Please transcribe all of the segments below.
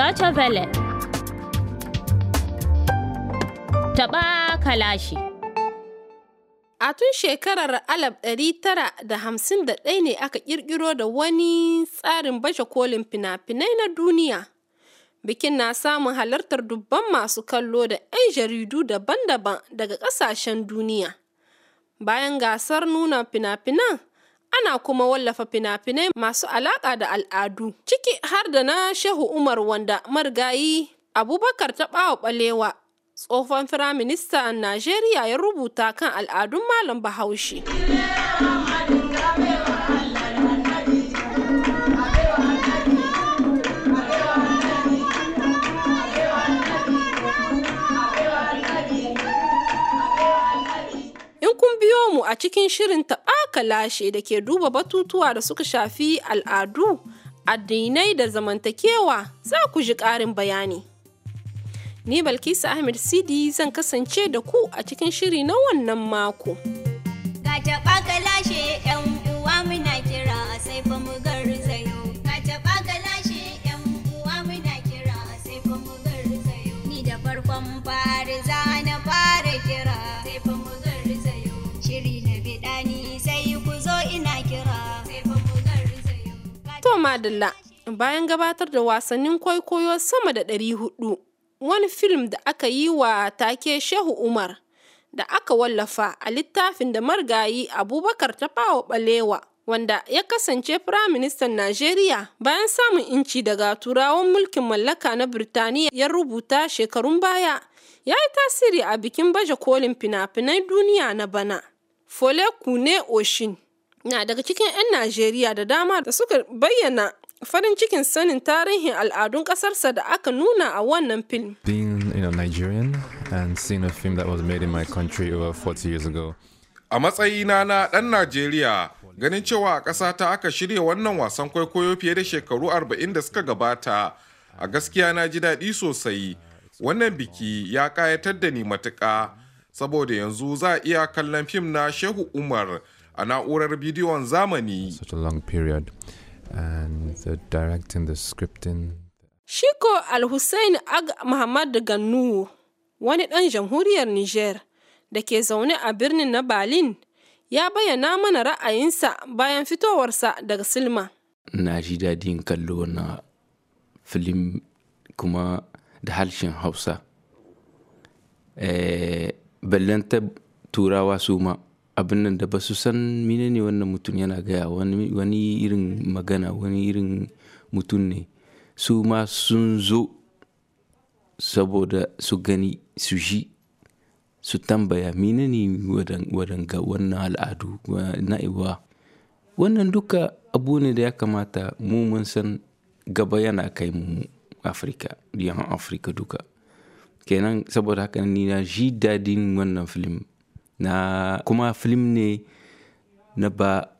Deutsche Welle. Taɓa kalashi. A tun shekarar ɗari tara da da hamsin 1951 ne aka ƙirƙiro da wani tsarin baje kolin fina-finai na duniya. Bikin na samun halartar dubban masu kallo da 'yan jaridu daban-daban daga ƙasashen duniya. Bayan gasar nuna fina-finan, ana kuma wallafa fina-finai masu alaƙa da al'adu ciki har da na shehu umar wanda marigayi abubakar ta ɓawa ɓalewa tsohon firaministan najeriya ya rubuta kan al'adun malam bahaushe in kun biyo mu a cikin shirin taɓa aka da ke duba batutuwa da suka shafi al'adu addinai da zamantakewa za ku ji ƙarin bayani ni balkisa ahmed sidi zan kasance da ku a cikin shiri na wannan mako ga taɓa ka lashe 'yan uwa muna kira sai fa mu ga To Madalla, bayan gabatar da wasannin kwaikwayo sama da ɗari hudu wani film da aka yi wa take Shehu Umar da aka wallafa a littafin da margayi Abubakar Tafawa Balewa wanda ya kasance Firaministan Najeriya bayan samun inci daga turawan mulkin mallaka na Birtaniya ya rubuta shekarun baya ya yi tasiri a bikin baje kolin fina finai duniya na bana. Fole Kune Oshin na daga cikin 'yan najeriya da dama da suka bayyana farin cikin sanin tarihin al'adun ƙasarsa da aka nuna a wannan film. Being you know, Nigerian and seeing a film that was made in my country over 40 years ago. A matsayina na ɗan Najeriya, ganin cewa a ƙasa ta aka shirya wannan wasan kwaikwayo fiye da shekaru 40 da suka gabata, a gaskiya na ji daɗi sosai. Wannan biki ya ƙayatar da ni matuƙa, saboda yanzu za a iya kallon fim na Shehu Umar a na'urar bidiyon zamani. Shiko Al-Hussein Ag Muhammad Gannu wani ɗan jamhuriyar Niger da ke zaune a birnin na Berlin ya bayyana mana ra'ayinsa bayan fitowarsa daga Silma. Na ji daɗin kallo na filim kuma da harshen Hausa. Eh, ta Turawa su ma. abinnan nan da ba su san menene wannan mutum yana gaya wani, irin magana wani irin mutum ne su ma sun zo saboda su gani su ji su tambaya menene ga wannan al'adu iwa wannan duka abu ne da ya kamata mu mun san gaba yana kai mu afirka yawan afirka duka kenan saboda haka ni na ji dadin wannan film na kuma film ne na ba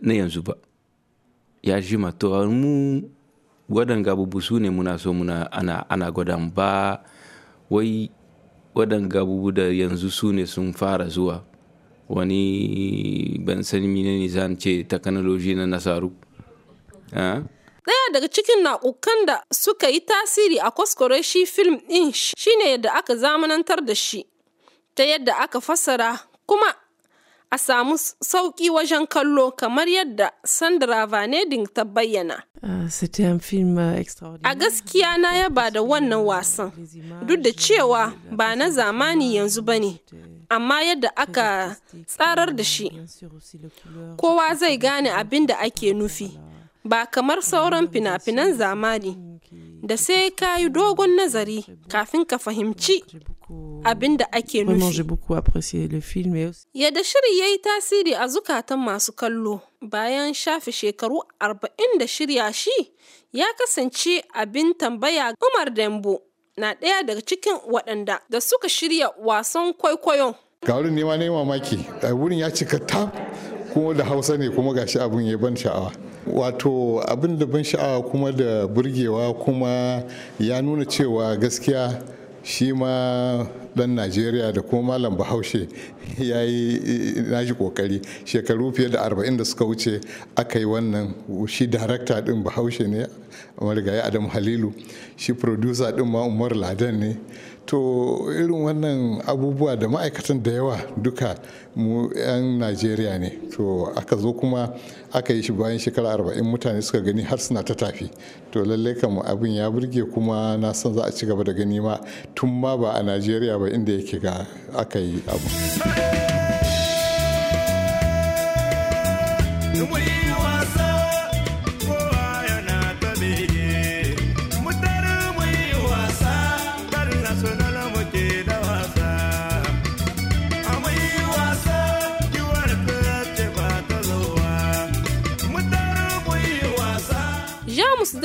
na yanzu ba ya jima to mu waɗanga abubu su ne muna so muna ana, ana gwada ba wai waɗanga da yanzu su ne sun fara zuwa wani ban sani mine ne zan ce technology na nasaru ɗaya ah? daga cikin naƙukan da suka yi tasiri a kwaskwarar shi film ɗin shine yadda aka zamanantar da shi ta yadda aka fassara kuma a samu sauƙi wajen kallo kamar yadda Sandra Vanedin ta bayyana. Ah, euh, a gaskiya na yaba da wannan wasan, duk da cewa ba na zamani yanzu ba ne, amma yadda aka tsarar da shi, kowa zai gane abin da ake nufi, ba kamar sauran fina-finan zamani, da sai ka yi dogon nazari kafin ka fahimci beaucoup, ake nufi. shiri ya yi tasiri a zukatan masu kallo bayan shafe shekaru arba'in da shirya shi ya kasance abin tambaya Umar Dembo na ɗaya daga cikin waɗanda da suka shirya wasan kwaikwayon. Ga wurin nema ne mamaki, wurin ya cika ta kuma da hausa ne kuma gashi abin ya ban sha'awa. wato abin da ban sha'awa kuma da burgewa kuma ya nuna cewa gaskiya shi ma dan najeriya da kuma malam bahaushe ya yi nashi kokari shekaru fiye da arba'in da suka wuce aka yi wannan shi darakta din bahaushe ne marigayi adamu halilu shi producer din ma umar ladan ne to irin wannan abubuwa da ma'aikatan da yawa duka mu 'yan najeriya ne to aka zo kuma aka yi shi bayan shekara arba'in mutane suka gani har suna ta tafi to lallai kam abin ya burge kuma na san za a ci gaba da gani ma tun ma ba a najeriya ba inda yake ga aka yi abu.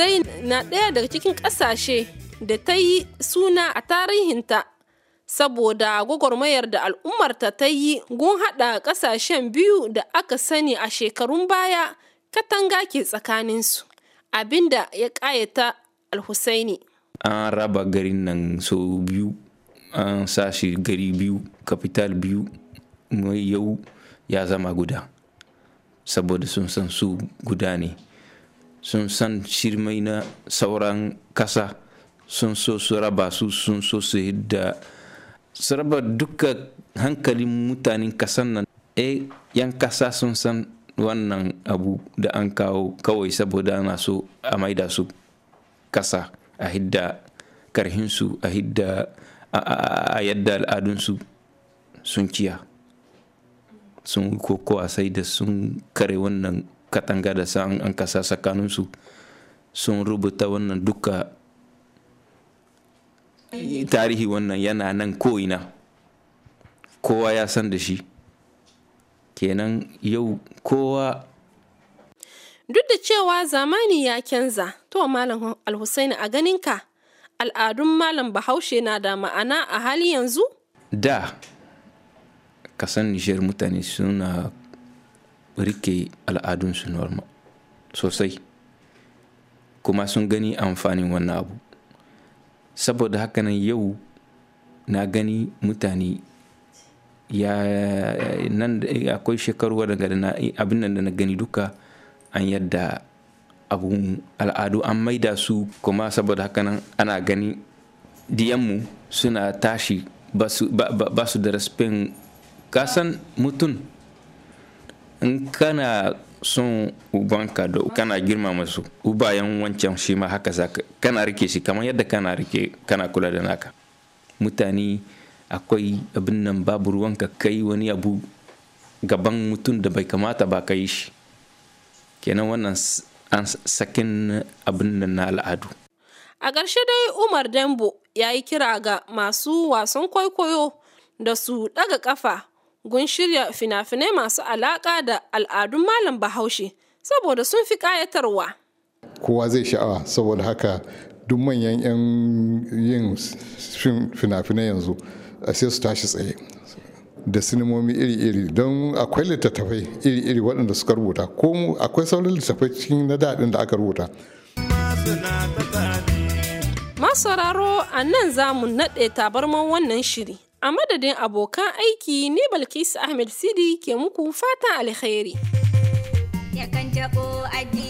dai na ɗaya daga cikin ƙasashe da ta yi suna a tarihinta saboda gwagwarmayar da al'ummarta ta yi gun haɗa ƙasashen biyu da aka sani a shekarun baya katanga ke tsakaninsu abinda ya ƙayata alhusaini an raba garin nan sau biyu an sashi gari biyu kapital biyu mai yau ya zama guda saboda sun san su guda ne sun san shirmai na sauran kasa sun so su raba su sun so su hidda su raba duka hankalin mutanen kasan nan e eh, yan kasa sun san wannan abu da an kawo kawai saboda ana so a maida su kasa a hidda karhinsu a hidda a yadda al'adunsu sun kiya sun kokowa sai da sun kare wannan katanga da san an kasa tsakaninsu sun rubuta wannan duka tarihi wannan yana nan ko'ina kowa ya san da shi kenan yau kowa duk da cewa zamani ya canza to malam alhussaini a ka, al'adun malam bahaushe na da ma'ana a hali yanzu da kasan nishiyar mutane suna rike al'adunsu normal sosai kuma sun gani amfanin wannan abu saboda haka nan yau na gani mutane ya nan eh, akwai shekaru wadanda eh, abin da na gani duka an yadda abun al'adu an maida su kuma saboda haka nan ana gani diyanmu suna tashi ba su da raspin kasan mutum in kana son ubanka da kana girmama su ubayan wancan shi ma haka zaka kana rike shi kamar yadda kana rike kana kula da naka mutane akwai abin nan babu ruwanka kai wani abu gaban mutum da bai kamata ba ka yi shi kenan wannan an sakin abin nan na al'adu a ƙarshe dai umar dambo ya yi kira ga masu wasan kwaikwayo da su ɗaga ƙafa gun shirya fina-finai masu alaƙa da al'adun malam bahaushe saboda sun fi ƙayatarwa. kowa zai sha'awa saboda haka duk manyan 'yan yin fina-finai yanzu sai su tashi tsaye da sinimomi iri-iri don akwai littattafai iri-iri waɗanda suka rubuta ko akwai sauran littattafai cikin na daɗin da aka rubuta masu sauraro a nan zamu naɗe tabarman wannan shiri A madadin abokan aiki ne balkis Ahmed Sidi ke muku fatan alkhairi.